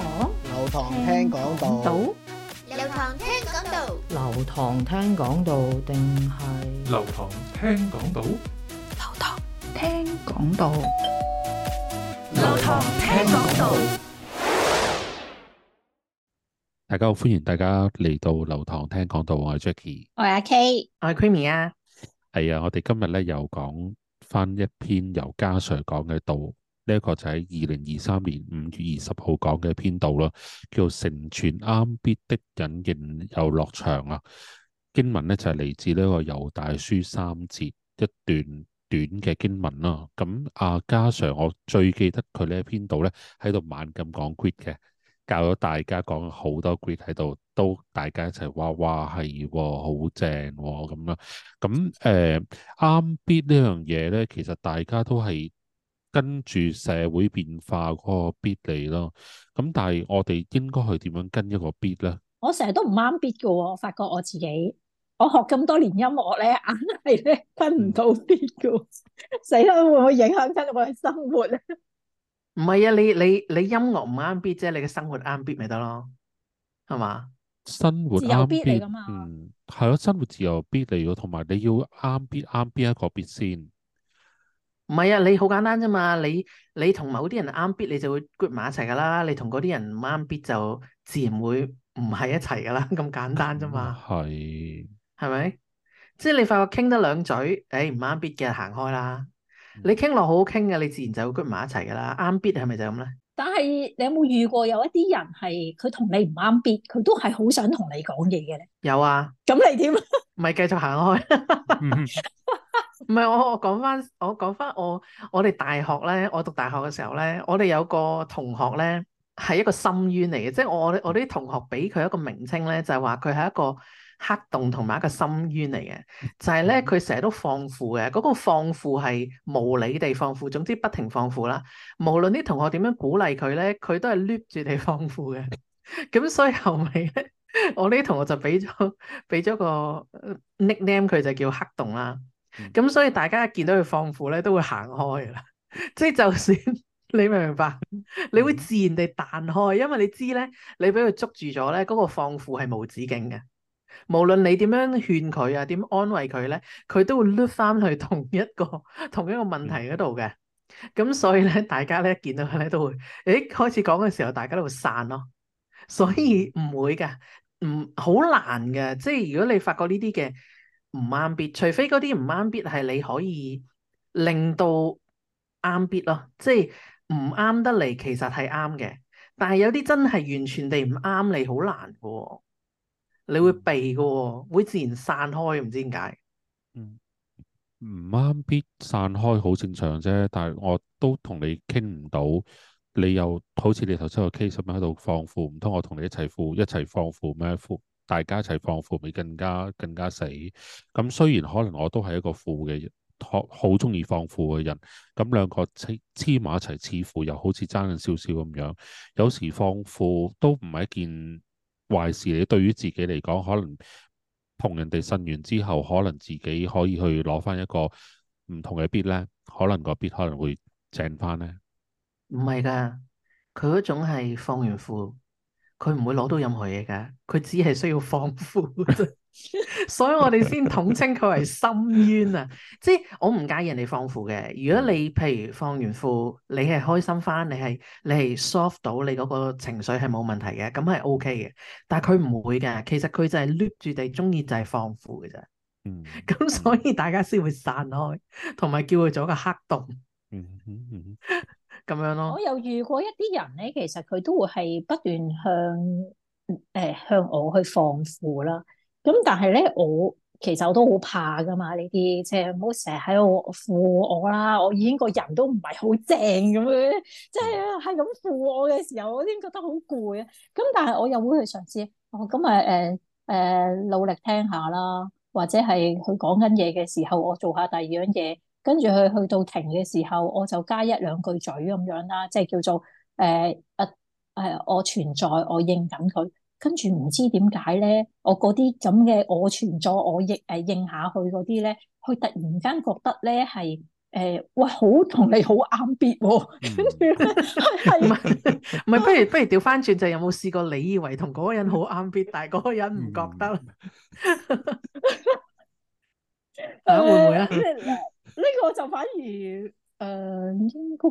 流堂聽講道，流堂聽講道，流堂聽講道定係流堂聽講道，流堂聽講道，流堂聽講道。大家好，歡迎大家嚟到流堂聽講道，我係 Jacky，我係阿 K，我係 Creamy 啊。係啊，我哋今日咧又講返一篇由迦 Sir 講嘅道。呢一個就喺二零二三年五月二十號講嘅篇道啦，叫成全啱 beat 的隱形遊樂場啊。經文呢就係、是、嚟自呢個猶大書三節一段短嘅經文啦。咁阿嘉常，我最記得佢呢一篇導呢，喺度猛咁講 q u i d 嘅，教咗大家講好多 q u i d 喺度，都大家一齊哇哇係，mer Lage 好正咁、哦、啦。咁誒，啱 beat 呢樣嘢呢，其實大家都係。跟住社會變化嗰個 beat 嚟咯，咁、嗯、但係我哋應該去點樣跟一個 beat 咧？我成日都唔啱 beat 噶，我發覺我自己，我學咁多年音樂咧，硬係咧分唔到 beat 噶， 死啦！會唔會影響緊我嘅生活咧？唔係啊，你你你音樂唔啱 beat 啫，你嘅生活啱 beat 咪得咯，係嘛，嗯？生活自由 beat 嚟噶嘛？嗯，係咯，生活自由 beat 嚟，同埋你要啱 beat，啱 beat 一個 beat 先，唔係啊，你好簡單啫嘛，你你同某啲人啱 beat，你就會 group 埋一齊噶啦。你同嗰啲人唔啱 beat，就自然會唔係一齊噶啦。咁簡單啫嘛。係、嗯。係咪？即係你發覺傾得兩嘴，誒唔啱 beat 嘅，行開啦。嗯、你傾落好好傾嘅，你自然就會 group 埋一齊噶啦。啱 beat 係咪就係咁咧？但係你有冇遇過有一啲人係佢同你唔啱 beat，佢都係好想同你講嘢嘅咧？有啊。咁你點？咪繼續行開。 唔係我我講翻我講翻我我哋大學咧，我讀大學嘅時候咧，我哋有個同學咧，係一個深淵嚟嘅，即係我我啲同學俾佢一個名稱咧，就係話佢係一個黑洞同埋一個深淵嚟嘅。就係、是、咧，佢成日都放負嘅，嗰、那個放負係無理地放負，總之不停放負啦。無論啲同學點樣鼓勵佢咧，佢都係 keep 住地放負嘅。咁 所以後尾我呢啲同學就俾咗俾咗個 nick name 佢，就叫黑洞啦。咁所以大家一見到佢放負咧，都會行開噶啦。即 係就，就算你明唔明白， 你會自然地彈開，因為你知咧，你俾佢捉住咗咧，嗰、那個放負係無止境嘅。無論你點樣勸佢啊，點安慰佢咧，佢都會碌翻去同一個同一個問題嗰度嘅。咁 所以咧，大家咧一見到佢咧都會，誒開始講嘅時候，大家都會散咯。所以唔會嘅，唔好難嘅。即係如果你發覺呢啲嘅。唔啱 beat，除非嗰啲唔啱 beat 係你可以令到啱 beat 咯，即係唔啱得嚟，其實係啱嘅。但係有啲真係完全地唔啱你，好難嘅、哦，你會避嘅、哦，會自然散開，唔知點解。唔啱、嗯、beat 散開好正常啫，但係我都同你傾唔到，你又好似你頭先個 case 咁樣喺度放負，唔通我同你一齊負，一齊放負咩負？大家一齊放富咪更加更加死。咁雖然可能我都係一個負嘅、好中意放負嘅人。咁兩個黐埋一齊，似乎又好似爭緊少少咁樣。有時放負都唔係一件壞事。你對於自己嚟講，可能同人哋呻完之後，可能自己可以去攞翻一個唔同嘅 beat 咧。可能個 beat 可能會正翻咧。唔係噶，佢嗰種係放完負。佢唔會攞到任何嘢噶，佢只係需要放負， 所以我哋先統稱佢為深淵啊！即係我唔介意人哋放負嘅，如果你譬如放完負，你係開心翻，你係你係 soft 到你嗰個情緒係冇問題嘅，咁係 OK 嘅。但係佢唔會嘅，其實佢就係捋住地中意就係放負嘅啫。嗯，咁所以大家先會散開，同埋叫佢做一個黑洞。嗯哼嗯，嗯，嗯咁樣咯，我又遇過一啲人咧，其實佢都會係不斷向誒、欸、向我去放負啦。咁但係咧，我其實我都好怕㗎嘛，呢啲即係唔好成日喺度負我啦。我已經個人都唔係好正咁樣，即係係咁負我嘅時候，我先覺得好攰啊。咁但係我又會去嘗試，哦，咁啊誒誒努力聽下啦，或者係佢講緊嘢嘅時候，我做下第二樣嘢。跟住佢去到停嘅時候，我就加一兩句嘴咁樣啦，即係叫做誒誒誒，我存在，我在應緊佢。跟住唔知點解咧，我嗰啲咁嘅我存在，我在應誒應下去嗰啲咧，佢突然間覺得咧係誒，我好同你好啱 beat 喎、哦。係唔係？唔係，不如不如調翻轉就有冇試過？你以為同嗰個人好啱 beat，但嗰個人唔覺得。嚇、mm. 會唔會啊？ 呢個就反而誒、呃、應該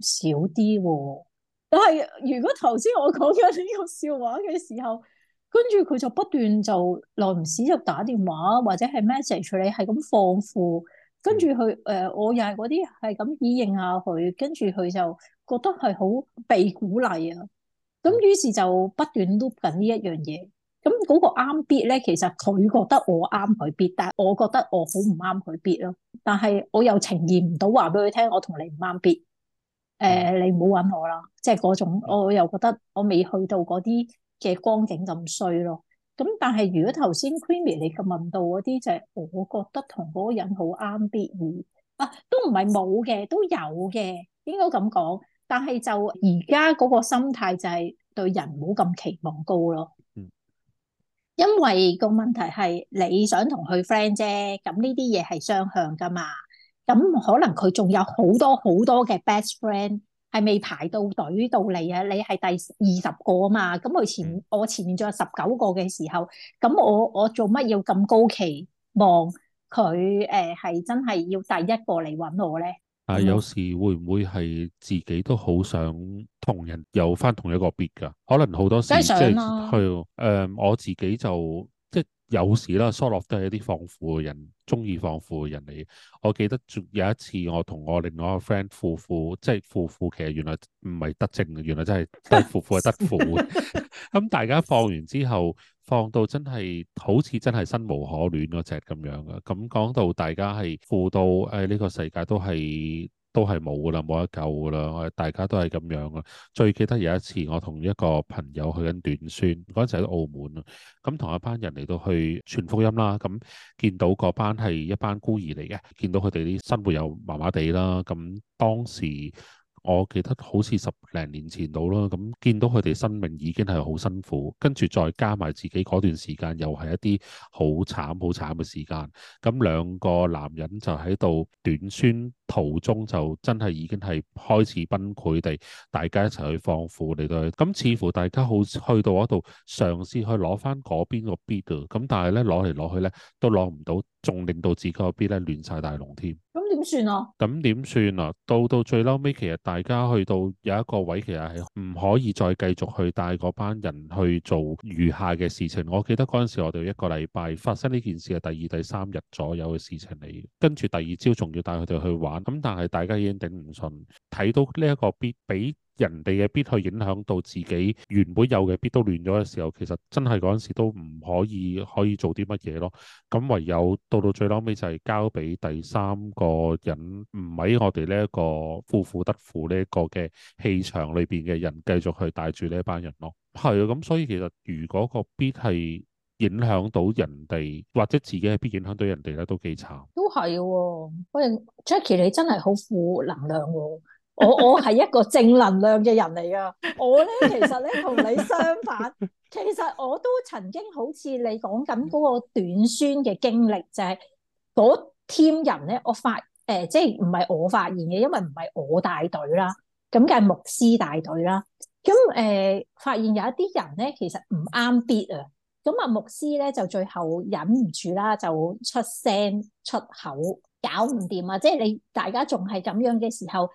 少啲喎、啊，但係如果頭先我講緊呢個笑話嘅時候，跟住佢就不斷就耐唔時就打電話或者係 message 你係咁放負，跟住佢誒我又係嗰啲係咁以應下佢，跟住佢就覺得係好被鼓勵啊，咁於是就不斷 loop 緊呢一樣嘢。咁嗰個啱必咧，其實佢覺得我啱佢必，但係我覺得我好唔啱佢必咯。但係我又呈現唔到話俾佢聽，我同你唔啱必誒，你唔好揾我啦。即係嗰種我又覺得我未去到嗰啲嘅光景咁衰咯。咁但係如果頭先 Queenie 你嘅問到嗰啲，就係、是、我覺得同嗰個人好啱必而，而啊，都唔係冇嘅，都有嘅應該咁講。但係就而家嗰個心態就係對人冇咁期望高咯。因為個問題係你想同佢 friend 啫，咁呢啲嘢係雙向噶嘛，咁可能佢仲有好多好多嘅 best friend 係未排到隊到你啊，你係第二十個啊嘛，咁佢前我前面仲有十九個嘅時候，咁我我做乜要咁高期望佢，誒係真係要第一個嚟搵我咧？啊，有時會唔會係自己都好想同人有翻同一個 beat 㗎？可能好多時是即係去，誒、呃，我自己就。有時啦，蘇洛都係一啲放負嘅人，中意放負嘅人嚟。我記得有一次，我同我另外一個 friend 負負，即係負負其實原來唔係得正嘅，原來真係得負負係得負嘅。咁、 嗯、大家放完之後，放到真係好似真係生無可戀嗰隻咁樣嘅。咁、嗯、講到大家係負到誒，呢、哎這個世界都係。都係冇噶啦，冇得救噶啦，我哋大家都係咁樣咯。最記得有一次，我同一個朋友去緊短宣，嗰陣時喺澳門啊，咁同一班人嚟到去傳福音啦。咁見到嗰班係一班孤兒嚟嘅，見到佢哋啲生活又麻麻地啦。咁當時。我記得好似十零年前到咯，咁見到佢哋生命已經係好辛苦，跟住再加埋自己嗰段時間又係一啲好慘好慘嘅時間，咁兩個男人就喺度短宣途中就真係已經係開始崩潰地，大家一齊去放負嚟到，咁似乎大家好去到嗰度嘗試去攞翻嗰邊個 beat，咁但係呢，攞嚟攞去呢，都攞唔到。仲令到自己個 beat 咧亂晒大龍添，咁點算啊？咁點算啊？到到最嬲尾，其實大家去到有一個位，其實係唔可以再繼續去帶嗰班人去做餘下嘅事情。我記得嗰陣時，我哋一個禮拜發生呢件事係第二、第三日左右嘅事情嚟，跟住第二朝仲要帶佢哋去玩。咁但係大家已經頂唔順，睇到呢一個 beat 俾。人哋嘅 beat 去影響到自己原本有嘅 beat 都亂咗嘅時候，其實真係嗰陣時都唔可以可以做啲乜嘢咯。咁唯有到到最孻尾就係交俾第三個人，唔喺我哋呢一個富富得富呢一個嘅氣場裏邊嘅人繼續去帶住呢一班人咯。係啊，咁所以其實如果個 beat 係影響到人哋或者自己嘅 beat 影響到人哋咧，都幾慘。都係喎、哦，喂 Jackie，你真係好負能量喎、哦。 我我係一個正能量嘅人嚟噶，我咧其實咧同你相反，其實我都曾經好似你講緊嗰個短宣嘅經歷，就係嗰 team 人咧，我發誒、呃、即係唔係我發現嘅，因為唔係我帶隊啦，咁梗係牧師帶隊啦，咁誒、呃、發現有一啲人咧其實唔啱啲啊，咁啊牧師咧就最後忍唔住啦，就出聲出口，搞唔掂啊！即係你大家仲係咁樣嘅時候。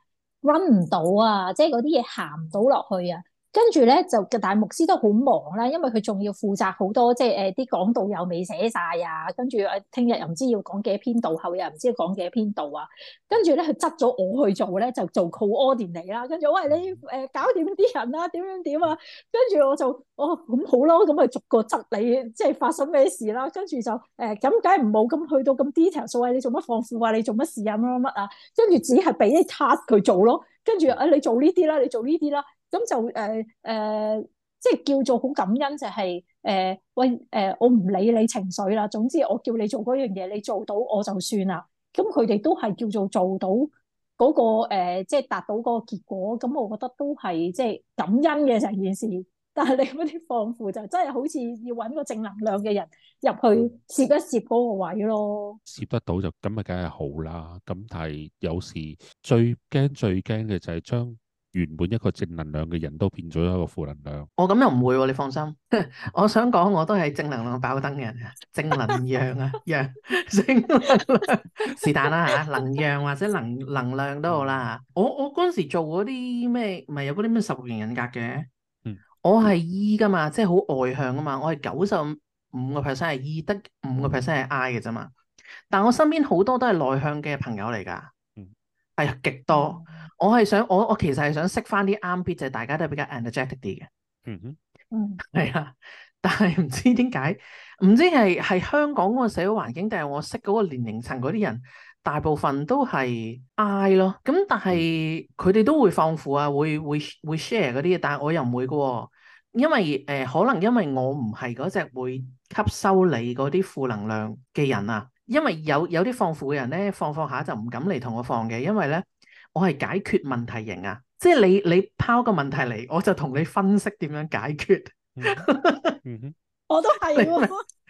run 唔到啊！即係啲嘢行唔到落去啊！跟住咧就大牧師都好忙啦，因為佢仲要負責好多，即係誒啲講道又未寫晒啊。跟住誒，聽日又唔知要講幾篇道後日，唔知要講幾篇道啊。跟住咧，佢執咗我去做咧，就做 coordinate 嚟啦。跟住喂，你誒，搞掂啲人啦，點樣點啊？跟住我就哦咁好咯，咁啊逐個執你，即係發生咩事啦？跟住就誒咁，解唔冇咁去到咁 detail。所謂你做乜放庫啊？你做乜事啊？乜乜啊？跟住只係俾啲 cut 佢做咯。跟住啊，你做呢啲啦，你做呢啲啦。咁就誒誒、呃呃，即係叫做好感恩、就是，就係誒喂誒、呃，我唔理你情緒啦。總之我叫你做嗰樣嘢，你做到我就算啦。咁佢哋都係叫做做到嗰、那個、呃、即係達到嗰個結果。咁、嗯、我覺得都係即係感恩嘅成件事。但係你嗰啲放負就真係好似要搵個正能量嘅人入去攝一攝嗰個位咯。攝得到就咁咪梗係好啦。咁但係有時最驚最驚嘅就係將原本一個正能量嘅人都變咗一個負能量，我咁又唔會喎、啊，你放心。 我想講我都係正能量爆燈嘅人，正能量啊，陽、 yeah，是但啦嚇，能量或者能能量都好啦、嗯。我我嗰陣時做嗰啲咩，唔係有嗰啲咩十六型人格嘅，嗯，我係 E 噶嘛，即係好外向噶嘛，我係九十五個 percent 係 E，得五個 percent 係 I 嘅啫嘛。但我身邊好多都係內向嘅朋友嚟㗎，嗯，係、哎、極多。我係想，我我其實係想識翻啲啱 beat，就係大家都比較 energetic 啲嘅。嗯哼、mm，嗯、hmm. mm，係、hmm. 啊。但係唔知點解，唔知係係香港嗰個社會環境，定係我識嗰個年齡層嗰啲人，大部分都係 I 咯。咁但係佢哋都會放負啊，會會會 share 嗰啲嘢，但我又唔會嘅、哦。因為誒、呃，可能因為我唔係嗰隻會吸收你嗰啲負能量嘅人啊。因為有有啲放負嘅人咧，放放下就唔敢嚟同我放嘅，因為咧。我係解決問題型啊，即係你你拋個問題嚟，我就同你分析點樣解決。 我都係、啊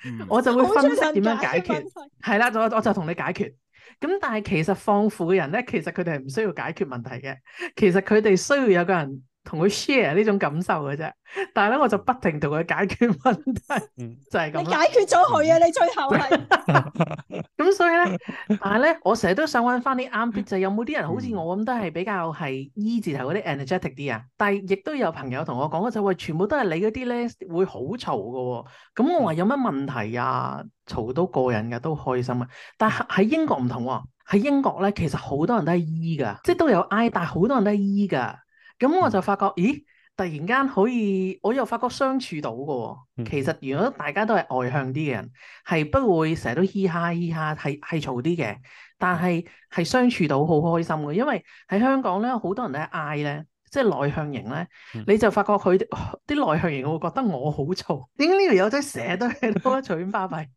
，mm hmm. 我就會分析點 樣解決。係啦，我我就同你解決。咁但係其實放負嘅人咧，其實佢哋係唔需要解決問題嘅，其實佢哋需要有個人。同佢 share 呢種感受嘅啫，但係咧我就不停同佢解決問題，就係、是、咁。你解決咗佢啊！ 你最後係咁， 所以咧，但係咧，我成日都想揾翻啲啱啲就是、有冇啲人好似我咁都係比較係 E 字頭嗰啲 energetic 啲啊？但係亦都有朋友同我講嘅就係、是，喂，全部都係你嗰啲咧會好嘈嘅喎。咁我話有乜問題啊？嘈都過癮嘅，都開心啊！但係喺英國唔同喎、哦，喺英國咧其實好多人都係 E 噶，即係都有 I，但係好多人都係 E 噶。咁我就發覺，咦，突然間可以，我又發覺相處到嘅喎。其實如果大家都係外向啲嘅人，係不會成日都 hea 下 hea 下，係係嘈啲嘅。但係係相處到好開心嘅，因為喺香港咧，好多人都係嗌咧。即係內向型咧，你就發覺佢啲內向型，我會覺得我好嘈。點解呢條友仔都寫都係咁啊？隨便巴閉，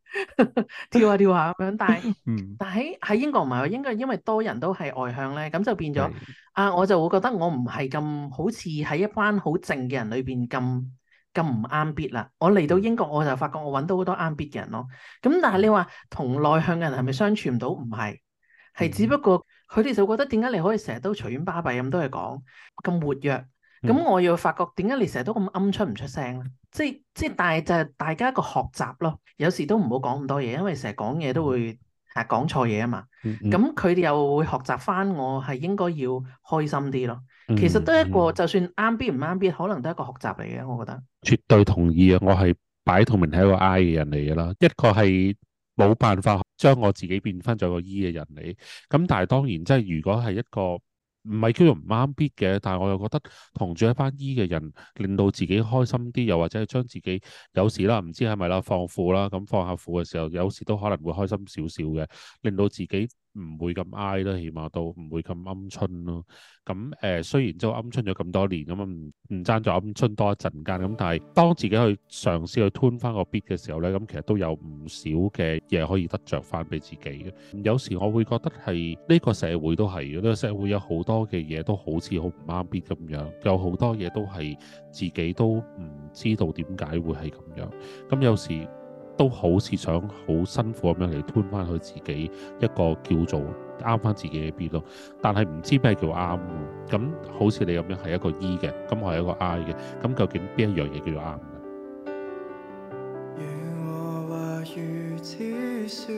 跳下跳下咁樣。但係但喺喺英國唔係喎，應該因為多人都係外向咧，咁就變咗是啊！我就會覺得我唔係咁好似喺一班好靜嘅人裏邊咁咁唔啱 beat 啦。我嚟到英國，我就發覺我揾到好多啱 beat 嘅人咯。咁但係你話同內向嘅人係咪相處唔到？唔係，係只不過。嗯佢哋就覺得點解你可以成日都隨便巴閉咁都去講咁活躍？咁我又發覺點解你成日都咁啱出唔出聲咧？即係即係就係大家個學習咯。有時都唔好講咁多嘢，因為成日講嘢都會係講錯嘢啊嘛。咁佢哋又會學習翻，我係應該要開心啲咯。其實都係一個就算啱 beat 唔啱 beat，可能都係一個學習嚟嘅。我覺得絕對同意啊！我係擺透明係一個 I 嘅人嚟嘅啦，一個係冇辦法。將我自己變返做個醫嘅人嚟，咁但係當然，即係如果係一個唔係叫做唔啱 beat 嘅，但係我又覺得同住一班醫嘅人，令到自己開心啲，又或者係將自己有時啦，唔知係咪啦，放負啦，咁放下負嘅時候，有時都可能會開心少少嘅，令到自己。唔會咁哀啦，起碼都唔會咁鵪鶉咯。咁、嗯、誒，雖然就鵪鶉咗咁多年咁啊，唔唔爭咗鵪鶉多一陣間。咁但係當自己去嘗試去吞翻個 beat 嘅時候呢，咁其實都有唔少嘅嘢，可以得着翻俾自己嘅。有時我會覺得係呢、這個社會都係，呢、這個社會有好多嘅嘢都好似好唔啱 beat 咁樣，有好多嘢都係自己都唔知道點解會係咁樣。咁有時。都好似想好辛苦咁樣嚟搬翻去自己一個叫做啱翻自己嘅 beat 咯，但係唔知咩叫啱。咁好似你咁樣係一個 E 嘅，咁我係一個 I 嘅，咁究竟邊一樣嘢叫做啱？如我話如此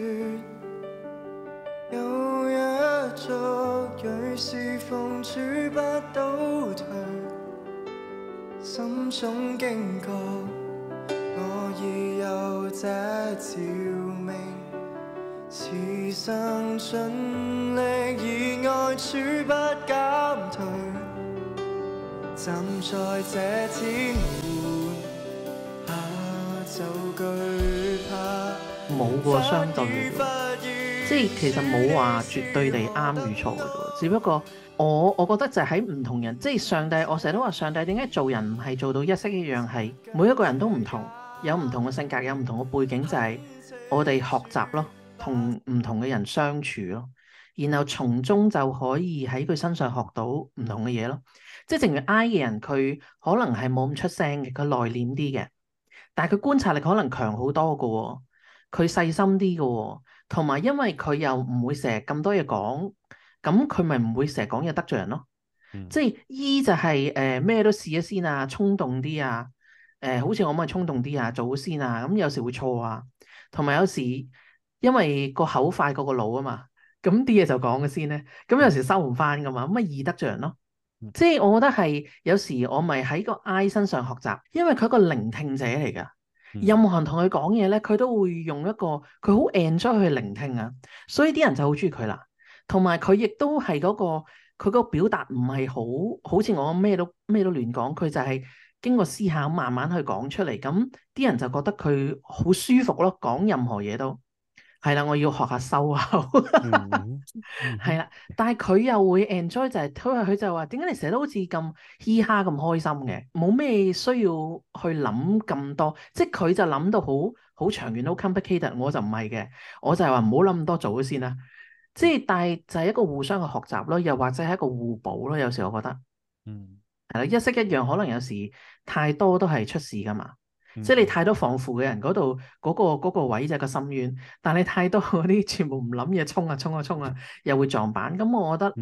而不減退。站在這天就怕冇過，相對，即係其實冇話絕對地啱與錯嘅，只不過我我覺得就喺唔同人，即係上帝，我成日都話上帝點解做人唔係做到一式一樣，係每一個人都唔同。有唔同嘅性格，有唔同嘅背景，就係我哋學習咯，同唔同嘅人相處咯，然後從中就可以喺佢身上學到唔同嘅嘢咯。即係正如 I 嘅人，佢可能係冇咁出聲嘅，佢內斂啲嘅，但係佢觀察力可能強好多㗎喎，佢細心啲嘅喎，同埋因為佢又唔會成日咁多嘢講，咁佢咪唔會成日講嘢得罪人咯。嗯。即係 E 就係誒咩都試一先啊，衝動啲啊。誒、呃，好似我咪衝動啲啊，做先啊，咁有時會錯啊，同埋有，有時因為個口快過個腦啊嘛，咁啲嘢就講嘅先咧，咁有時收唔翻噶嘛，咁咪易得罪人咯。嗯、即係我覺得係有時我咪喺個 I 身上學習，因為佢係一個聆聽者嚟噶，任何人同佢講嘢咧，佢都會用一個佢好 enjoy 去聆聽啊，所以啲人就好中意佢啦。同埋佢亦都係嗰個佢個表達唔係好，好似我咩都咩都亂講，佢就係、是。經過思考，慢慢去講出嚟，咁啲人就覺得佢好舒服咯。講任何嘢都係啦，我要學下收口，係 啦。但係佢又會 enjoy 就係、是，因為佢就話，點解你成日都好似咁嘻哈咁開心嘅？冇咩需要去諗咁多，即係佢就諗到好好長遠、好 complicated。我就唔係嘅，我就係話唔好諗咁多，做咗先啦。即係但係就係一個互相嘅學習咯，又或者係一個互補咯。有時我覺得，嗯。係啦，一式一樣，可能有時太多都係出事噶嘛。嗯、即係你太多防腐嘅人，嗰度嗰個、嗰個位就係一個深淵。但係太多嗰啲全部唔諗嘢衝啊衝啊衝啊，衝啊，又會撞板。咁、嗯嗯、我覺得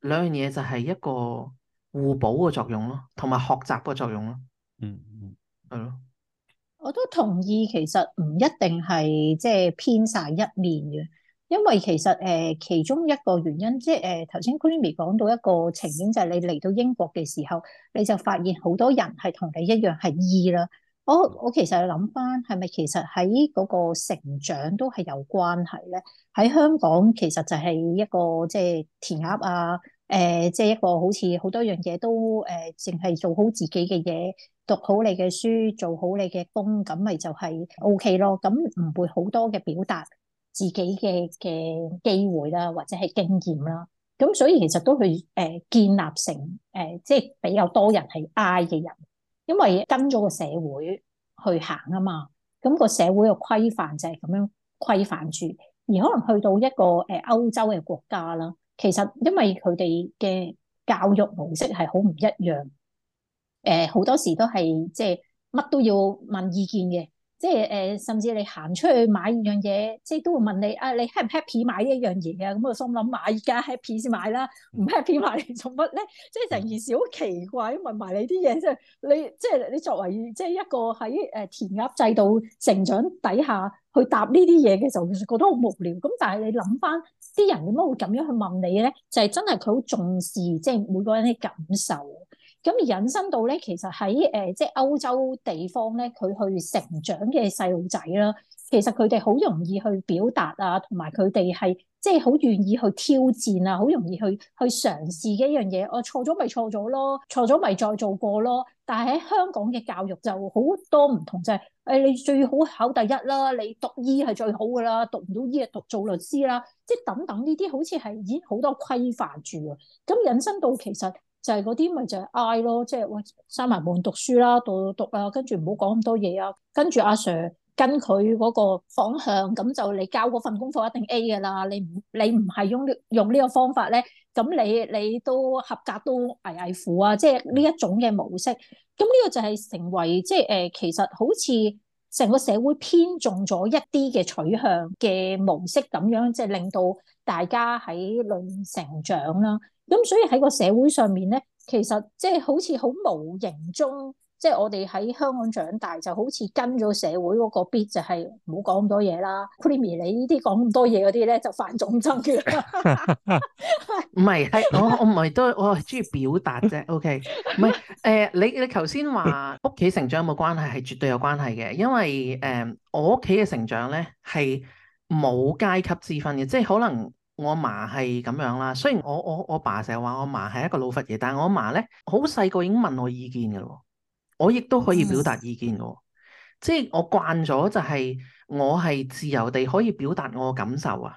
兩樣嘢就係一個互補嘅作用咯，同埋學習嘅作用咯。嗯，係、嗯、咯。是的 我都同意，其實唔一定係即係偏晒一面嘅。因為其實誒其中一個原因，即係誒頭先 Creamy 講到一個情景，就係、是、你嚟到英國嘅時候，你就發現好多人係同你一樣係二啦。我我其實諗翻，係咪其實喺嗰個成長都係有關係咧？喺香港其實就係一個即係填鴨啊，誒、呃、即係一個好似好多樣嘢都誒淨係做好自己嘅嘢，讀好你嘅書，做好你嘅工，咁咪就係 OK 咯。咁唔會好多嘅表達。自己嘅嘅機會啦，或者係經驗啦，咁所以其實都去誒、呃、建立成誒、呃，即係比較多人係 I 嘅人，因為跟咗個社會去行啊嘛，咁、那個社會嘅規範就係咁樣規範住，而可能去到一個誒、呃、歐洲嘅國家啦，其實因為佢哋嘅教育模式係好唔一樣，誒、呃、好多時都係即係乜都要問意見嘅。即係誒、呃，甚至你行出去買一樣嘢，即係都會問你啊，你 happy 唔 happy 買呢一樣嘢啊？咁我心諗買而家 happy 先買啦，唔 happy 買嚟做乜咧？即係成件事好奇怪，問埋你啲嘢，即係你即係你作為即係一個喺誒填鴨制度成長底下去答呢啲嘢嘅時候，其實覺得好無聊。咁但係你諗翻啲人點解會咁樣去問你咧？就係、是、真係佢好重視即係每個人嘅感受。咁而引申到咧，其實喺誒、呃、即係歐洲地方咧，佢去成長嘅細路仔啦，其實佢哋好容易去表達啊，同埋佢哋係即係好願意去挑戰啊，好容易去去嘗試嘅一樣嘢。我錯咗咪錯咗咯，錯咗咪再做過咯。但係喺香港嘅教育就好多唔同，就係、是、誒、哎、你最好考第一啦，你讀醫係最好㗎啦，讀唔到醫啊讀做律師啦，即係等等呢啲好似係已經好多規範住啊。咁引申到其實。就係嗰啲咪就係嗌咯，即係喂閂埋門讀書啦，讀讀讀啦，跟住唔好講咁多嘢啊，跟住阿 sir 跟佢嗰個方向，咁就你交嗰份功課一定 A 嘅啦。你唔你唔係用呢用呢個方法咧，咁你你都合格都捱捱苦啊！即係呢一種嘅模式，咁呢個就係成為即係誒、呃，其實好似成個社會偏重咗一啲嘅取向嘅模式咁樣，即係令到大家喺裏面成長啦。咁所以喺個社會上面咧，其實即係好似好無形中，即係我哋喺香港長大，就好似跟咗社會嗰個 beat 就係唔好講咁多嘢啦。Pulimi 你呢啲講咁多嘢嗰啲咧，就犯眾憎嘅。唔係，係我我唔係都我係中意表達啫。OK，唔係誒，你你頭先話屋企成長有冇關係？係絕對有關係嘅，因為誒我屋企嘅成長咧係冇階級之分嘅，即係可能。我阿媽係咁樣啦，雖然我我我爸成日話我阿媽係一個老佛爺，但係我阿媽咧好細個已經問我意見嘅咯，我亦都可以表達意見嘅，即係我慣咗就係、是、我係自由地可以表達我嘅感受啊，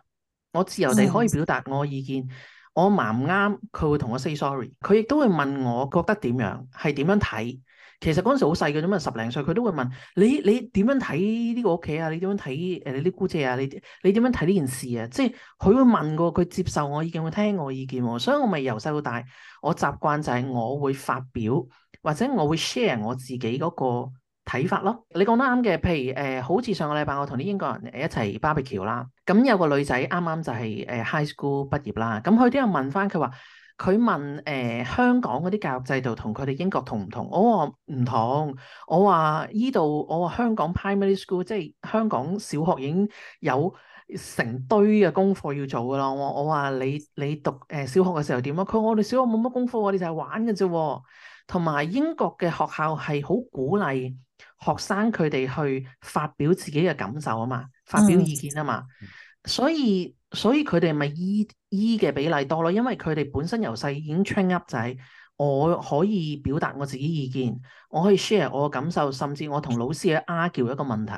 我自由地可以表達我嘅意見，我阿媽唔啱佢會同我 say sorry，佢亦都會問我覺得點樣，係點樣睇。其實嗰陣時好細嘅啫嘛，十零歲佢都會問你，你點樣睇呢個屋企啊？你點樣睇誒你啲姑姐啊？你你點樣睇呢件事啊？即係佢會問過，佢接受我意見，會聽我意見喎，所以我咪由細到大，我習慣就係我會發表或者我會 share 我自己嗰個睇法咯，你講得啱嘅。譬如誒、呃，好似上個禮拜我同啲英國人誒一齊 barbecue 啦，咁有個女仔啱啱就係、是、誒、呃、high school 畢業啦，咁佢啲人問翻佢話，佢問誒、呃、香港嗰啲教育制度同佢哋英國同唔同？我話唔同，我話依度我話香港 primary school 即係香港小學已經有成堆嘅功課要做㗎啦。我我話你你讀誒、呃、小學嘅時候點啊？佢話我哋小學冇乜功課，我哋就係玩㗎啫。同埋英國嘅學校係好鼓勵，學生佢哋去發表自己嘅感受啊嘛，發表意見啊嘛，嗯所，所以所以佢哋咪依依嘅比例多咯，因為佢哋本身由細已經 train up 就係、是、我可以表達我自己意見，我可以 share 我嘅感受，甚至我同老師嘅 argue 一個問題。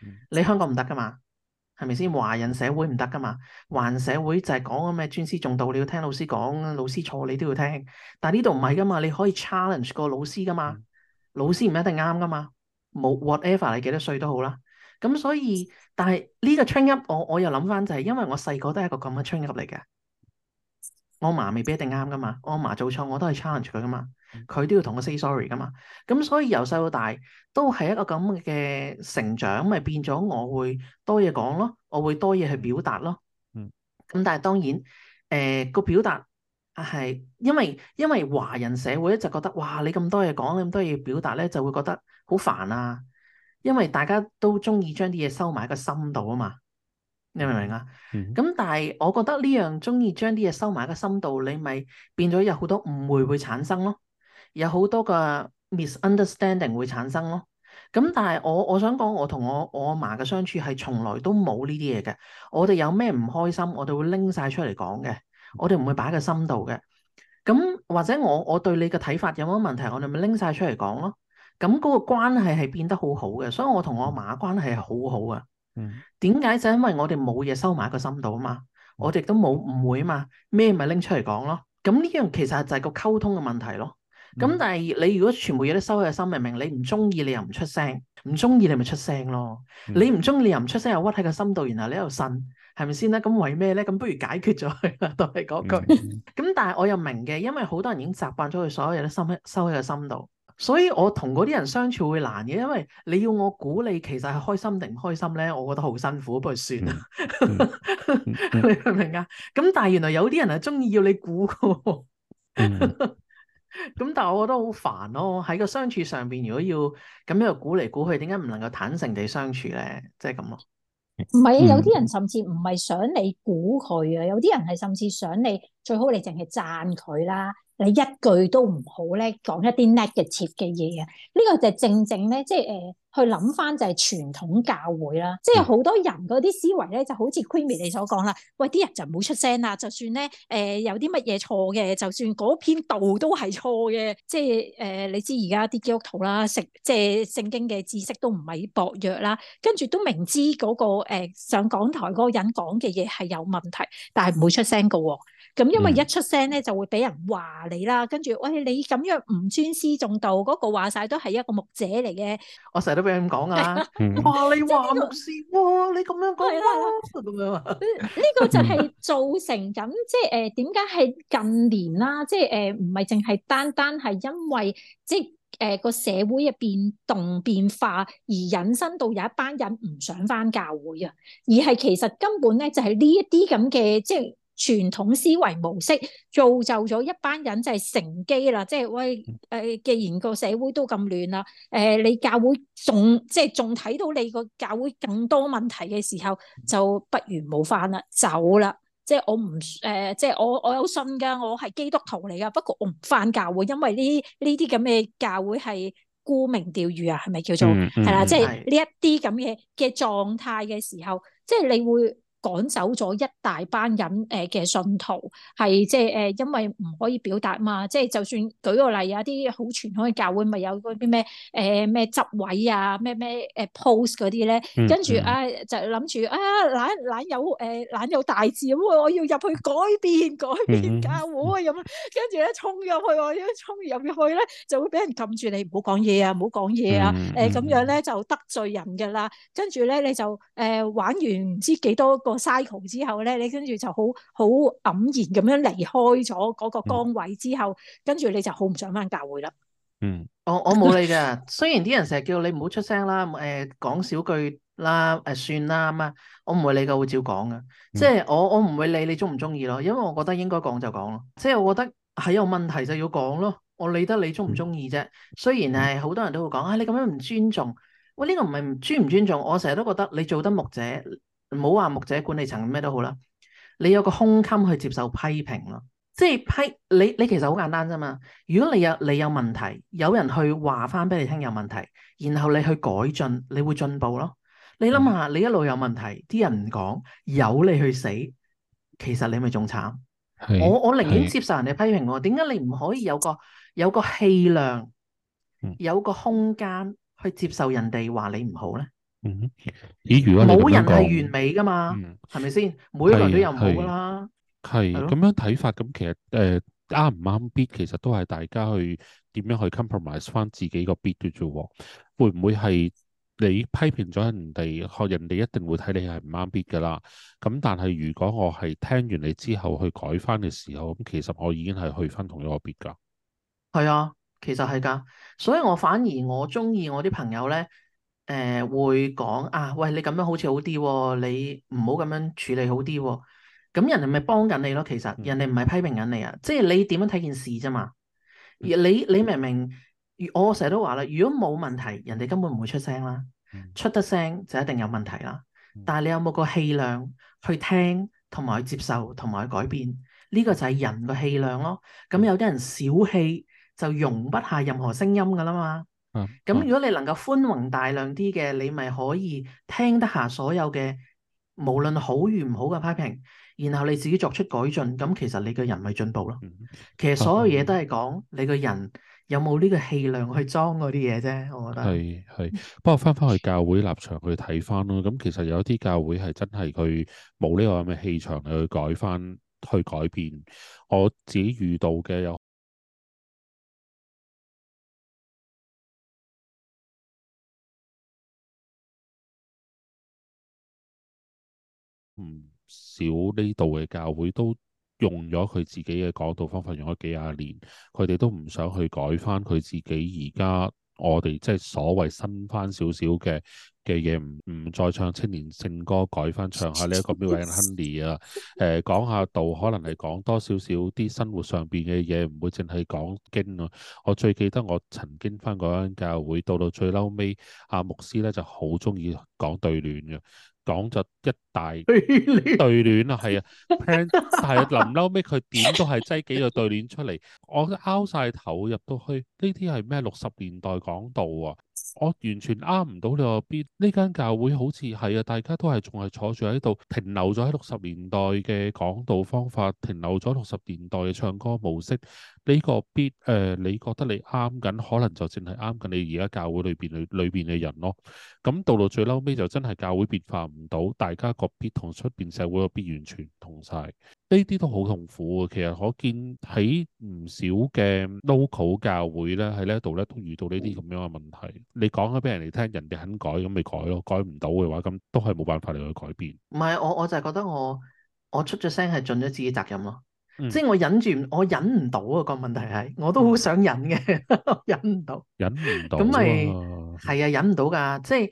嗯、你香港唔得噶嘛，係咪先，華人社會唔得噶嘛，環社會就係講咩尊師重道，你要聽老師講，老師錯你都要聽，但係呢度唔係噶嘛，你可以 challenge 個老師噶嘛。嗯老師唔一定啱噶嘛，冇 whatever 你幾多歲都好啦。咁所以，但係呢個 train up 我我又諗翻就係，因為我細個都係一個咁嘅 train up 嚟嘅。我阿嫲未必一定啱噶嘛，我阿嫲做錯我都係 challenge 佢噶嘛，佢都要同我 say sorry 噶嘛。咁所以由細到大都係一個咁嘅成長，咪變咗我會多嘢講咯，我會多嘢去表達咯。嗯，咁但係當然誒個、呃、表達。係，因為因為華人社會一直覺得哇，你咁多嘢講，咁多嘢表達咧，就會覺得好煩啊。因為大家都中意將啲嘢收埋喺個心度啊嘛，你明唔明啊？咁、嗯嗯、但係我覺得呢樣中意將啲嘢收埋喺個心度，你咪變咗有好多誤會會產生咯，有好多個 misunderstanding 會產生咯。咁但係我我想講，我同我我阿嫲嘅相處係從來都冇呢啲嘢嘅。我哋有咩唔開心，我哋會拎晒出嚟講嘅。 我哋唔會擺喺個心度嘅，咁或者我我對你嘅睇法有乜問題，我哋咪拎晒出嚟講咯。咁嗰個關係係變得好好嘅，所以我同我阿媽關係係好好啊。嗯，點解？就因為我哋冇嘢收埋喺個心度啊嘛，我哋都冇唔會啊嘛，咩咪拎出嚟講咯。咁呢樣其實就係個溝通嘅問題咯。咁但係你如果全部嘢都收喺個心，明明？你唔中意你又唔出聲，唔中意你咪出聲咯。你唔中意你又唔出聲，又屈喺個心度，然後你又呻。係咪先咧？咁為咩咧？咁不如解決咗佢啦，都係嗰句。咁 但係我又明嘅，因為好多人已經習慣咗佢所有嘢都收喺收喺個心度，所以我同嗰啲人相處會難嘅，因為你要我估你其實係開心定唔開心咧？我覺得好辛苦，不如算啦， 你明唔明啊？咁但係原來有啲人係中意要你估，咁 但係我覺得好煩咯。喺個相處上邊，如果要咁樣估嚟估去，點解唔能夠坦誠地相處咧？即係咁咯。唔係，有啲人甚至唔係想你估佢啊，有啲人係甚至想你最好你淨係讚佢啦。你一句都唔好咧，講一啲 negative 嘅嘢啊！呢、這個就正正咧，即係誒去諗翻就係傳統教會啦，即係好多人嗰啲思維咧，就好似 Queenie 你所講啦，喂啲人就唔好出聲啦，就算咧誒、呃、有啲乜嘢錯嘅，就算嗰篇道都係錯嘅，即係誒你知而家啲基督徒啦，聖即係、就是、聖經嘅知識都唔係薄弱啦，跟住都明知嗰、那個、呃、上講台嗰個人講嘅嘢係有問題，但係唔會出聲噶喎、哦。咁、嗯、因為一出聲咧，就會俾人話你啦。跟住，喂，你咁樣唔尊師重道，嗰、嗰個話曬都係一個牧者嚟嘅。我成日都俾人咁講啊，話你話牧師喎，你咁樣講乜乜咁樣啊？呢 個就係造成咁，即係誒點解係近年啦，即係誒唔係淨係單單係因為即係誒個社會嘅變動變化而引申到有一班人唔想返教會啊，而係其實根本咧就係呢一啲咁嘅即係。就是傳統思維模式造就咗一班人就係乘機啦，即係喂誒、呃，既然個社會都咁亂啦，誒、呃、你教會仲即係仲睇到你個教會更多問題嘅時候，就不如冇返啦，走啦！即係我唔誒、呃，即係我我有信㗎，我係基督徒嚟㗎，不過我唔返教會，因為呢呢啲咁嘅教會係沽名釣譽啊，係咪叫做係啦？嗯嗯、的即係呢一啲咁嘅嘅狀態嘅時候，即係你會。趕走咗一大班人誒嘅信徒，係即係誒，因為唔可以表達嘛，即係就算舉個例啊，啲好傳統嘅教會咪有嗰啲咩誒咩執委啊，咩咩誒 post 嗰啲咧，跟住啊就諗住啊懶懶有誒懶有大字咁啊，我要入去改變改變教會咁，跟住咧衝入去喎，一衝入去咧就會俾人撳住你，唔好講嘢啊，唔好講嘢啊，誒咁樣咧就得罪人㗎啦，跟住咧你就誒玩完唔知幾多個。cycle 之後咧，你跟住就好好黯然咁樣離開咗嗰個崗位之後，跟住、嗯、你就好唔想返教會啦。嗯， 我我冇理噶，雖然啲人成日叫你唔好出聲啦，誒講少句啦，誒、呃、算啦咁啊，我唔會理噶，會照講噶。嗯、即係我我唔會理你中唔中意咯，因為我覺得應該講就講咯。即係我覺得係有問題就要講咯，我理得你中唔中意啫。雖然係好多人都會講啊，你咁樣唔尊重，喂，呢、呢個唔係尊唔尊重，我成日都覺得你做得牧者。唔好話牧者管理層咩都好啦，你有個胸襟去接受批評咯，即係批你你其實好簡單啫嘛。如果你有你有問題，有人去話翻俾你聽有問題，然後你去改進，你會進步咯。你諗下，你一路有問題，啲、嗯、人唔講，有你去死，其實你咪仲慘。我我寧願接受人哋批評我，點解是你唔可以有個有個氣量，有個空間去接受人哋話你唔好咧？嗯，咦，如果冇人係完美噶嘛，係咪先？每個人都有唔好啦，係咁樣睇法咁，其實誒啱唔啱 beat 其實都係大家去點樣去 compromise 翻自己個 beat 嘅啫。會唔會係你批評咗人哋，學人哋一定會睇你係唔啱 beat 噶啦？咁但係如果我係聽完你之後去改翻嘅時候，咁其實我已經係去翻同一個 beat 噶。係啊，其實係噶，所以我反而我中意我啲朋友咧。誒、呃、會講啊，喂你咁樣好似好啲喎、哦，你唔好咁樣處理好啲喎、哦。咁人哋咪幫緊你咯，其實人哋唔係批評緊你啊，嗯、即係你點樣睇件事啫嘛。而、嗯、你你明唔明我成日都話啦，如果冇問題，人哋根本唔會出聲啦。嗯、出得聲就一定有問題啦。但係你有冇個氣量去聽同埋去接受同埋去改變？呢、這個就係人個氣量咯。咁有啲人小氣就容不下任何聲音㗎啦嘛。咁、嗯、如果你能夠寬宏大量啲嘅，啊、你咪可以聽得下所有嘅無論好與唔好嘅批評，然後你自己作出改進，咁其實你個人咪進步咯。嗯嗯、其實所有嘢都係講你個人有冇呢個氣量去裝嗰啲嘢啫，我覺得。係係，不過翻翻去教會立場去睇翻咯。咁 其實有啲教會係真係佢冇呢個咁嘅氣場去改翻去改變。我自己遇到嘅有，唔少呢度嘅教會都用咗佢自己嘅講道方法，用咗幾廿年，佢哋都唔想去改翻佢自己。而家我哋即係所謂新翻少少嘅嘅嘢，唔唔再唱青年聖歌，改翻唱下呢、這、一個 Million Honey 啊，誒、呃、講下道，可能係講多少少啲生活上面嘅嘢，唔會淨係講經啊。我最記得我曾經翻嗰間教會，到到最嬲尾，阿牧師咧就好中意講對聯嘅。講就一大對聯啊，係啊，plan 但係臨嬲尾佢點都係擠幾個對聯出嚟，我拗晒頭入到去，呢啲係咩六十年代講道啊？我完全啱唔到，你話邊呢間教會好似係啊，大家都係仲係坐住喺度停留咗喺六十年代嘅講道方法，停留咗六十年代嘅唱歌模式。呢個必誒、呃，你覺得你啱緊，可能就淨係啱緊你而家教會裏邊裏裏邊嘅人咯。咁到到最嬲尾就真係教會變化唔到，大家個必同出邊社會個必完全唔同晒。呢啲都好痛苦。啊。其實可見喺唔少嘅 local 教會咧，喺呢一度咧都遇到呢啲咁樣嘅問題。你講咗俾人哋聽，人哋肯改咁咪改咯，改唔到嘅話，咁都係冇辦法嚟去改變。唔打係我，我就係覺得我我出咗聲係盡咗自己責任咯。打嗯、即係我忍住，我忍唔到，就是，啊！個問題係，我都好想忍嘅，忍唔到，忍唔到。咁咪係啊，忍唔到噶。即係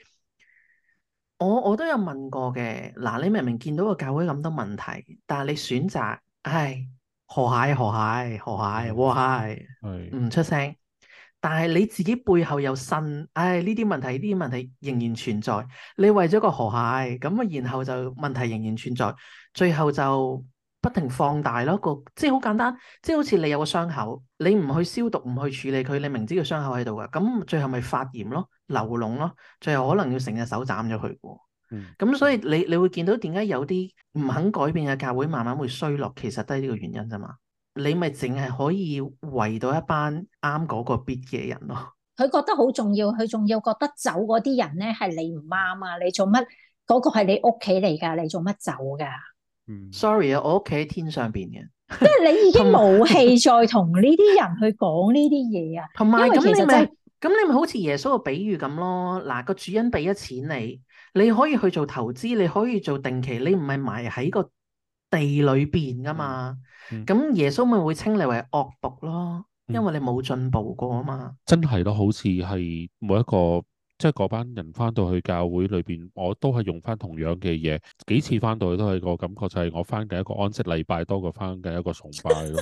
我我都有問過嘅。嗱，你明明見到個教會咁多問題，但係你選擇唉，河蟹河蟹河蟹，哇！係唔出聲，但係你自己背後又呻，唉，呢啲問題呢啲問題仍然存在。你為咗個河蟹咁啊，然後就問題仍然存在，最後就，不停放大咯，嗰個即係好簡單，即係好似你有個傷口，你唔去消毒唔去處理佢，你明知個傷口喺度噶，咁最後咪發炎咯，流膿咯，最後可能要成隻手斬咗佢噶。咁、嗯、所以你你會見到點解有啲唔肯改變嘅教會慢慢會衰落，其實都係呢個原因啫嘛。你咪淨係可以圍到一班啱嗰個 beat 嘅人咯。佢覺得好重要，佢仲要覺得走嗰啲人咧，係你唔啱啊！你做乜嗰、嗰個係你屋企嚟噶？你做乜走噶？Sorry 啊，我屋企喺天上邊嘅。 即係你已經冇氣再同呢啲人去講呢啲嘢啊。同埋咁你咪咁你咪好似耶穌嘅比喻咁咯。嗱個主人俾咗錢你，你可以去做投資，你可以做定期，你唔係埋喺個地裏邊噶嘛。咁、嗯、耶穌咪會稱你為惡毒咯，因為你冇進步過啊嘛。嗯、真係咯，好似係每一個。即係嗰班人翻到去教會裏邊，我都係用翻同樣嘅嘢，幾次翻到去都係個感覺就係我翻嘅一個安息禮拜多過翻嘅一個崇拜咯。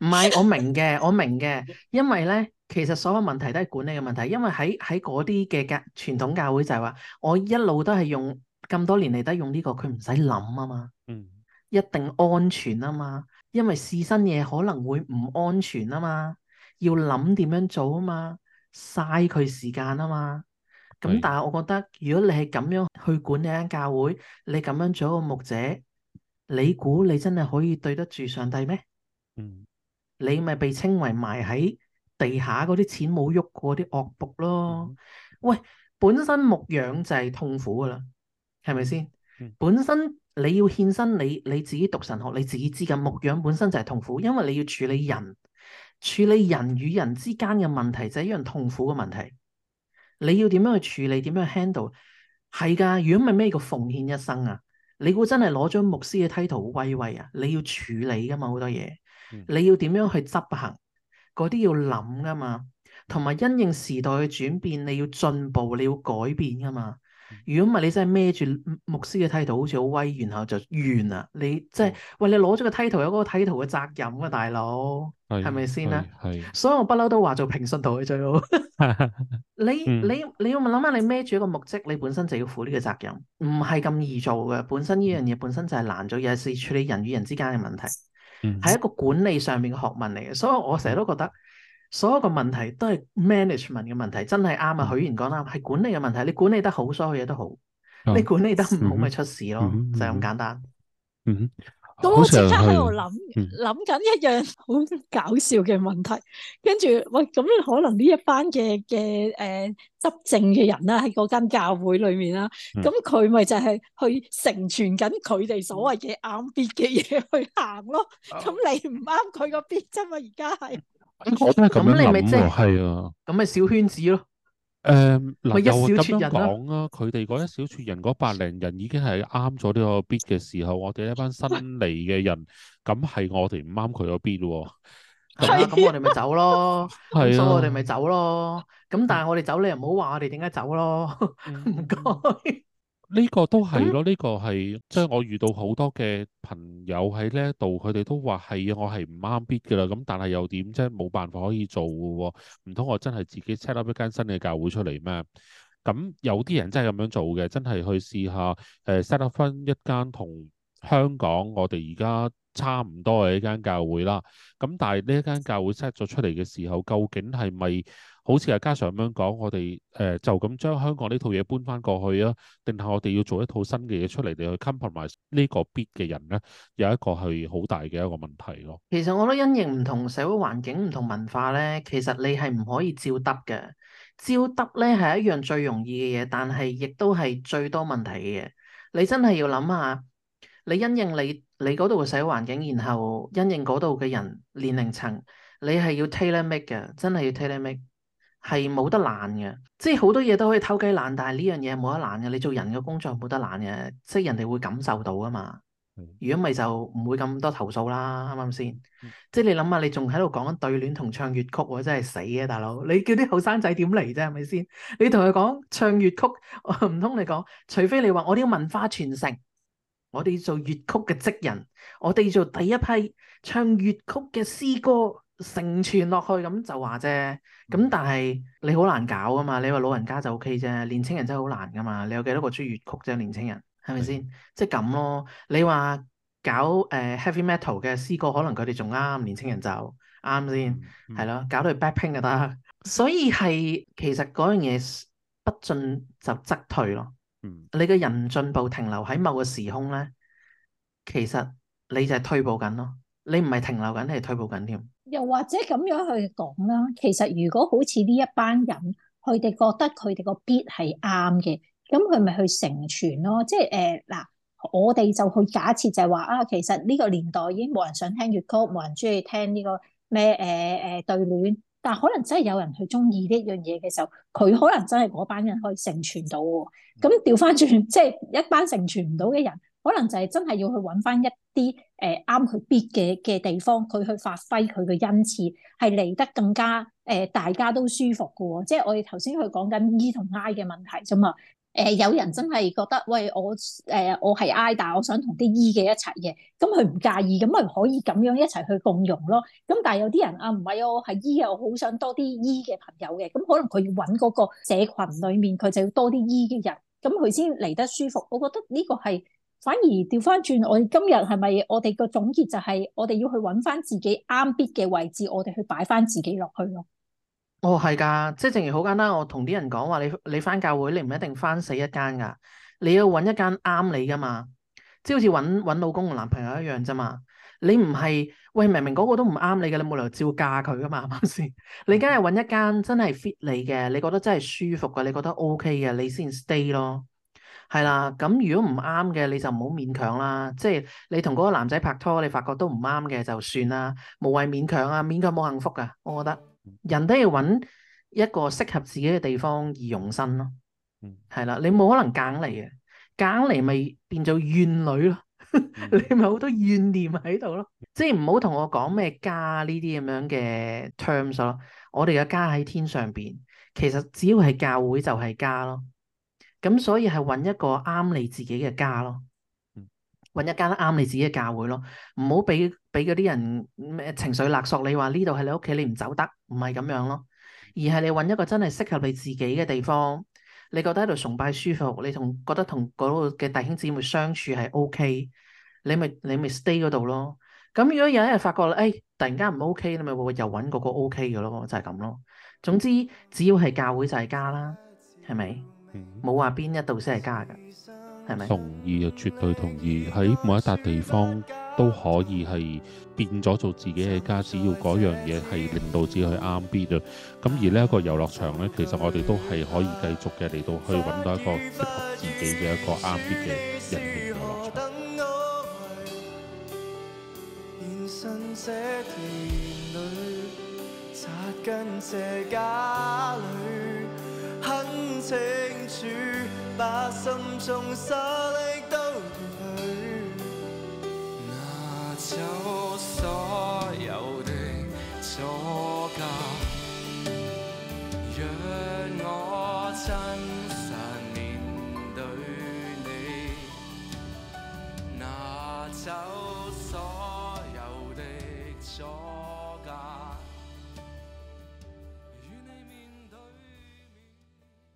唔係， 我明嘅，我明嘅，因為咧，其實所有問題都係管理嘅問題。因為喺喺嗰啲嘅教傳統教會就係話，我一路都係用咁多年嚟都係用呢、呢個，佢唔使諗啊嘛，嗯，一定安全啊嘛，因為試新嘢可能會唔安全啊嘛，要諗點樣做啊嘛。嘥佢時間啊嘛，咁的但係我覺得如果你係咁樣去管理間教會，你咁樣做一個牧者，你估你真係可以對得住上帝咩？嗯，你咪被稱為埋喺地下嗰啲錢冇喐過啲惡僕咯。嗯、喂，本身牧養就係痛苦噶啦，係咪先？嗯、本身你要獻身你，你你自己讀神學，你自己知噶，牧養本身就係痛苦，因為你要處理人。處理人與人之間嘅問題就係一樣痛苦嘅問題，你要點樣去處理？點樣去 handle？係噶，如果唔係咩叫奉獻一生啊？你估真係攞張牧師嘅梯圖威威啊？你要處理噶嘛，好多嘢，你要點樣去執行？嗰啲要諗噶嘛，同埋因應時代嘅轉變，你要進步，你要改變噶嘛。如果唔係你真係孭住牧師嘅 title，好似好威，然後就完啦。你即係、就是嗯、喂，你攞咗個 title 有嗰個 title 嘅責任噶、啊，大佬，係咪是先啦？所以我不嬲都話做平信徒嘅最好。你你你要諗下，你孭住一個牧職，你本身就要負呢個責任，唔係咁易做嘅。本身呢樣嘢本身就係難做，尤其是處理人與人之間嘅問題，係、嗯、一個管理上面嘅學問嚟嘅。所以我成日都覺得。所有嘅問題都係 management 嘅問題，真係啱啊！許言講啱，係管理嘅問題。你管理得好，所有嘢都好；你管理得唔好，咪出事咯，就係咁簡單。嗯哼，咁我即刻喺度諗諗緊一樣好搞笑嘅問題。跟住喂，咁可能呢一班嘅嘅誒執政嘅人啦，喺嗰間教會裏面啦，咁佢咪就係去成全緊佢哋所謂嘅啱邊嘅嘢去行咯。咁你唔啱佢個必啫嘛？而家係。咁你咪即係，咁咪小圈子咯。誒，嗱，有我咁樣講啊，佢哋嗰一小撮人嗰百零人已經係啱咗呢個 beat 嘅時候，我哋一班新嚟嘅人，咁係我哋唔啱佢個 beat 喎。咁啊，咁我哋咪走咯。係咯，咁我哋咪走咯。咁但係我哋走，你又唔好話我哋點解走咯。唔該。呢個都係咯，呢、嗯、個係即係我遇到好多嘅朋友喺呢一度，佢哋都話係啊，我係唔啱 beat 嘅啦。咁但係又點啫？冇辦法可以做嘅喎、哦，唔通我真係自己 set 落一間新嘅教會出嚟咩？咁有啲人真係咁樣做嘅，真係去試下誒 set 落翻一間同香港我哋而家差唔多嘅一間教會啦。咁但係呢一間教會 set 咗出嚟嘅時候，究竟係咪？好似阿嘉 sir 咁樣講，我哋誒、呃、就咁將香港呢套嘢搬翻過去啊？定係我哋要做一套新嘅嘢出嚟，你去 compromise 呢個 beat 嘅人咧，有一個係好大嘅一個問題咯。其實我覺得因應唔同社會環境、唔同文化咧，其實你係唔可以照得嘅。照得咧係一樣最容易嘅嘢，但係亦都係最多問題嘅嘢。你真係要諗下，你因應你你嗰度嘅社會環境，然後因應嗰度嘅人年齡層，你係要 tailor make 嘅，真係要 tailor make。係冇得懶嘅，即係好多嘢都可以偷雞懶，但係呢樣嘢冇得懶嘅。你做人嘅工作冇得懶嘅，即係人哋會感受到㗎嘛。如果唔係就唔會咁多投訴啦，啱唔啱先？嗯、即係你諗下，你仲喺度講緊對聯同唱粵曲，我真係死啊，大佬！你叫啲後生仔點嚟啫？係咪先？你同佢講唱粵曲，我唔通你講？除非你話我哋要文化傳承，我哋要做粵曲嘅職人，我哋要做第一批唱粵曲嘅詩歌。承傳落去咁就話啫。咁但係你好難搞啊嘛。你話老人家就 O K 啫，年青人真係好難噶嘛。你有幾多個追粵曲啫？年青人係咪先？即係咁咯。你話搞誒、呃、heavy metal 嘅詩歌，可能佢哋仲啱年青人就啱先係咯。搞到 back pain 就得，所以係其實嗰樣嘢不進就則退咯。嗯、你個人進步停留喺某個時空咧，其實你就係退步緊咯。你唔係停留緊，你係退步緊添。又或者咁樣去講啦，其實如果好似呢一班人，佢哋覺得佢哋個 beat 係啱嘅，咁佢咪去承傳咯？即係誒嗱，我哋就去假設就係話啊，其實呢個年代已經冇人想聽粵曲，冇人中意聽呢個咩誒誒對聯，但可能真係有人去中意呢樣嘢嘅時候，佢可能真係嗰班人可以承傳到喎。咁調翻轉，即係一班承傳唔到嘅人。可能就係真係要去揾翻一啲誒啱佢 beat 嘅嘅地方，佢去發揮佢嘅恩賜，係嚟得更加誒、呃、大家都舒服嘅喎、哦。即係我哋頭先佢講緊 E 同 I 嘅問題啫嘛。誒有、呃、有人真係覺得，喂我誒、呃、我係 I，但係我想同啲 E 嘅一齊嘅，咁佢唔介意，咁咪可以咁樣一齊去共融咯。咁但係有啲人啊，唔係我係 E，我好想多啲 E 嘅朋友嘅，咁可能佢要揾嗰個社群裡面，佢就要多啲 E 嘅人，咁佢先嚟得舒服。我覺得呢個係。反而調翻轉，是是我哋今日係咪我哋個總結就係我哋要去揾翻自己啱 beat 嘅位置，我哋去擺翻自己落去咯。哦，係㗎，即係正如好簡單，我同啲人講話，你你翻教會，你唔一定翻死一間㗎，你要揾一間啱你噶嘛，即係好似揾揾老公同男朋友一樣啫嘛。你唔係喂，明明嗰個都唔啱你嘅，你冇理由照嫁佢㗎嘛係咪先？ 你梗係揾一間真係 fit 你嘅，你覺得真係舒服嘅，你覺得 OK 嘅，你先 stay 咯。係啦，咁如果唔啱嘅你就唔好勉強啦，即係你同嗰個男仔拍拖，你發覺都唔啱嘅就算啦，無謂勉強啊，勉強冇幸福噶。啊，我覺得人都要揾一個適合自己嘅地方而容身咯，係啦，嗯、你冇可能揀嚟嘅，揀嚟咪變做怨女咯， 你咪好多怨念喺度咯，嗯、即係唔好同我講咩家呢啲咁樣嘅 terms 咯，我哋嘅家喺天上邊，其實只要係教會就係家咯。咁所以係揾一個啱你自己嘅家咯，揾一間啱你自己嘅教會咯，唔好俾俾嗰啲人咩情緒勒索你話呢度係你屋企，你唔走得，唔係咁樣咯，而係你揾一個真係適合你自己嘅地方，你覺得喺度崇拜舒服，你同覺得同嗰個嘅弟兄姊妹相處係 OK，你咪你咪 stay 嗰度咯。咁如果有一日發覺咧，誒、哎、突然間唔 OK，你咪又揾嗰個 OK 嘅咯，就係、是、咁咯。總之只要係教會就係家啦，係咪？冇話邊一度先係家噶係咪？同意啊，絕對同意。喺每一笪地方都可以係變咗做自己嘅家，只要嗰樣嘢係令到自己去啱 beat 嘅。咁而呢一個遊樂場呢，其實我哋都係可以繼續嘅嚟到去揾到一個適合自己嘅一個啱 beat 嘅隱型嘅遊樂場。把心中沙礫都移去，拿走所有的阻隔，讓我真。